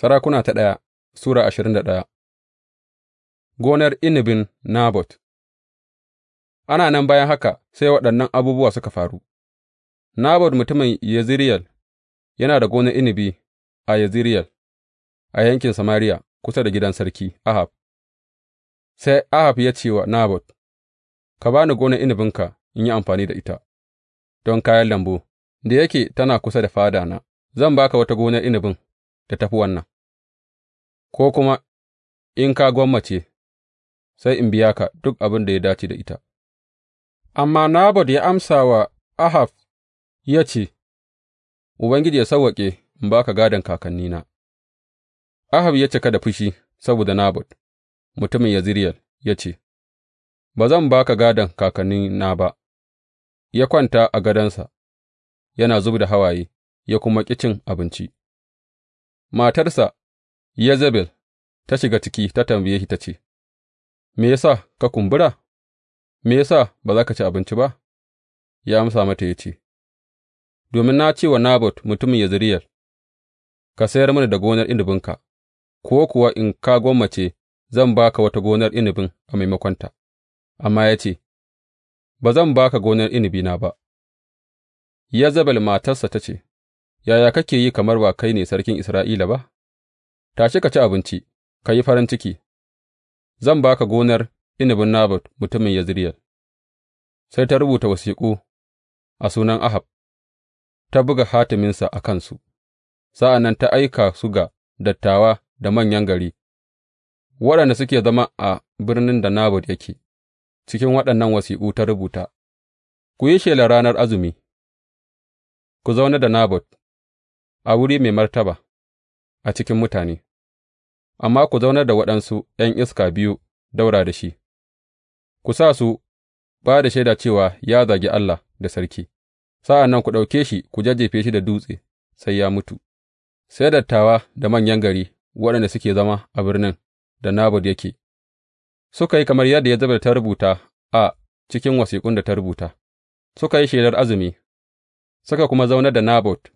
Sarakuna ta ɗaya Sura ashirin da ɗaya Gonar inabin Nabot Ana nan bayan haka sai waɗannan abubuwa suka faru, Nabot mutumin Yezireyel yana da gonar inibi a Yezireyel, a yankin Samariya kusa da gidan sarki Ahab. Sai Ahab ya ce wa Nabot, Ka ba ni gonar inabinka in yi amfani da ita, don kayan lambu, da yake tana kusa da fadana, zan baka wata gonar inabin. da tafi wannan, ko kuma in ka gwammace, sai in biya ka duk abin da ya dace da ita. Amma Nabot ya amsa wa Ahab ya ce, Ubangiji ya sawwaƙe in ba ka gādon kakannina. Ahab ya cika da fushi saboda Nabot, mutumin Yezireyel, ya ce, Ba zan ba ka gādon kakannina ba, ya kwanta a gadonsa, yana zub da hawaye, ya kuma ƙi cin abinci. Matarsa Yezebel ta shiga ciki ta tambaye shi ta ce, Me ya sa ka kumbura, me ya sa ba za ka ci abinci ba? Ya amsa mata ya ce, Domin na ce wa Nabot mutumin Yezireyel, Ka sayar mana da gonar inubinka, ko kuwa in ka gwammace zan ba ka wata gonar inubin a maimakonta, amma ya ce, Ba zan ba ka gonar inubina ba. Yezebel matarsa ta ce, yaya kake yi kamar ba kai ne sarkin Isra'ila ba? Tashi ka ci abinci, ka yi farin ciki, zan ba ka gonar inabin Nabot mutumin Yezireyel. Sai ta rubuta wasiƙu a sunan Ahab, ta buga hatiminsa a kansu, sa'an nan ta aika su ga dattawa da manyan gari, waɗanda suke zama a birnin da Nabot yake, cikin waɗannan wasiƙu ta rubuta, Ku yi shelar ranar azumi, ku zaune da Nabot a wuri mai martaba a cikin mutane, amma ku zaunar da waɗansu ’yan iska biyu daura da shi, ku sa su ba da shaida cewa ya zagi Allah da sarki, sa'an nan ku ɗauke shi ku jajjefe shi da dutse sai ya mutu, sai dattawa da manyan gari waɗanda suke zama a birnin da nabod yake, suka yi kamar yadda ya Yezebel ta rubuta a cikin wasiƙun da ta rubuta, suka yi shaidar azumi, suka kuma zaunar da Nabot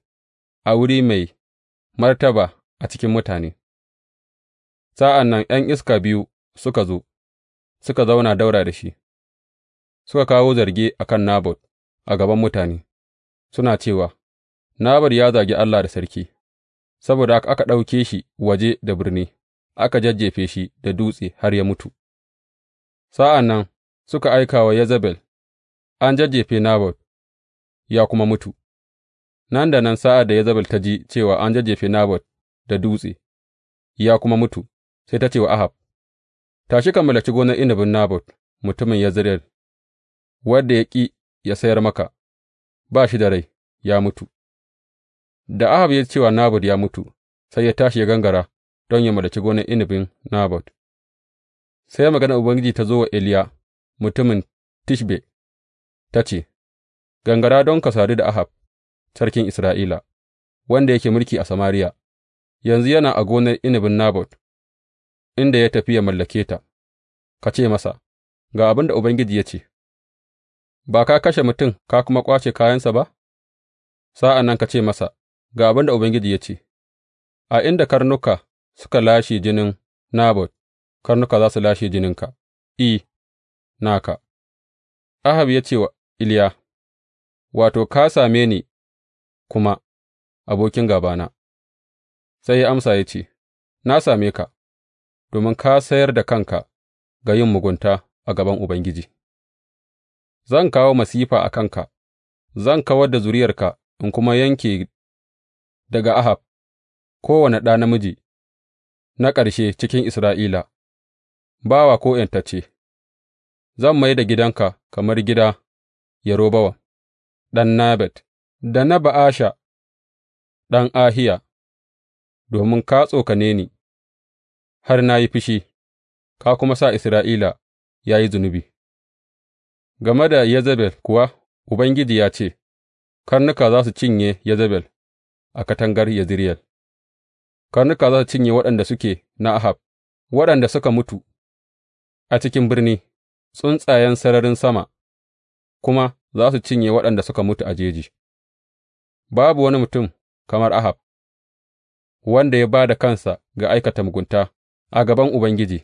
a wuri mai martaba a cikin mutane, sa'an nan ’yan iska biyu suka zo, suka zauna daura da shi, suka kawo zarge a kan Nabot a gaban mutane, suna cewa, Nabot ya zagi Allah da sarki, saboda aka ɗauke shi waje da birni, aka jajjefe shi da dutse har ya mutu. Sa'an nan suka aika wa Yezebel, An jajjefe Nabot, ya kuma mutu. Nan da nan sa'ad da Yezebel ta ji cewa an jajjefe Nabot da dutse ya kuma mutu, sai ta ce wa Ahab, Tashi ka mallaki gonar inabin Nabot mutumin Yezreel, wanda ya ƙi ya sayar maka, ba shi da rai, ya mutu. Da Ahab ya cewa Nabot ya mutu, sai ya tashi ya gangara don ya mallaki gonar inabin Nabot. Sai maganar Ubangiji ta zo wa Eliya mutumin Tishbe, ta ce, Gangara don ka sadu da Ahab. sarkin Isra'ila, wanda yake mulki a Samariya, yanzu yana a gonar inabin Nabot, inda ya tafi ya mallake ta, ka ce masa, Ga abin da Ubangiji ya ce, Ba ka kashe mutum ka kuma ƙwace kayansa ba? Sa'an nan ka ce masa, Ga abin da Ubangiji ya ce, A inda karnuka suka lashe jinin Nabot, karnuka za su lashe jininka, I, naka. Ahab ya ce wa Iliya, Wato, ka same ni kuma abokin gābana, sai ya amsa ya ce, Na same ka, domin ka sayar da kanka ga yin mugunta a gaban Ubangiji, zan kawo masifa a kanka, zan kawar da zuriyarka in kuma yanke daga Ahab kowane ɗa namiji na ƙarshe cikin Isra'ila, bawa ko ’yantacce, zan mai da gidanka kamar gida Yerobowam ɗan Nabat. da na Ba'asha ɗan Ahiya, domin ka tsokane ni har na yi fushi, ka kuma sa Isra'ila ya yi zunubi. Game da Yezebel kuwa, Ubangiji ya ce, Karnuka za su cinye Yezebel a katangar Yezireyel, karnuka za su cinye waɗanda suke na Ahab, waɗanda suka mutu a cikin birni, tsuntsayen sararin sama kuma za su cinye waɗanda suka mutu a jeji. Babu wani mutum kamar Ahab, wanda ya ba da kansa ga aikata mugunta a gaban Ubangiji,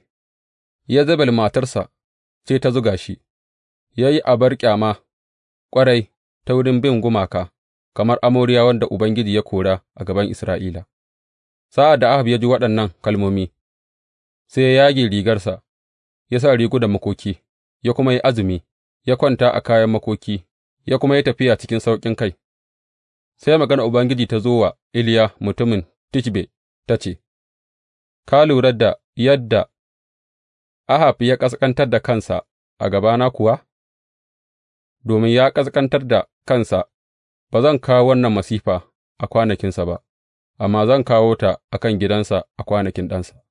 Ya Yezebel matarsa ce ta zuga shi, ya yi abar ƙyama ƙwarai ta wurin bin gumaka, kamar amoriya wanda Ubangiji ya kora a gaban Isra'ila. Sa'ad da Ahab ya ji waɗannan kalmomi, sai ya yage rigarsa, ya sa rigu da makoki, ya kuma yi azumi, ya kwanta a kayan makoki, ya kuma yi tafiya cikin sauƙin kai. Sai maganar Ubangiji ta zo wa Iliya mutumin Tishbe ta ce, Ka lura da yadda Ahab ya ƙasƙantar da kansa a gabana kuwa? Domin ya ƙasƙantar da kansa, ba zan kawo wannan masifa a kwanakinsa ba, amma zan kawo ta a kan gidansa a kwanakin ɗansa.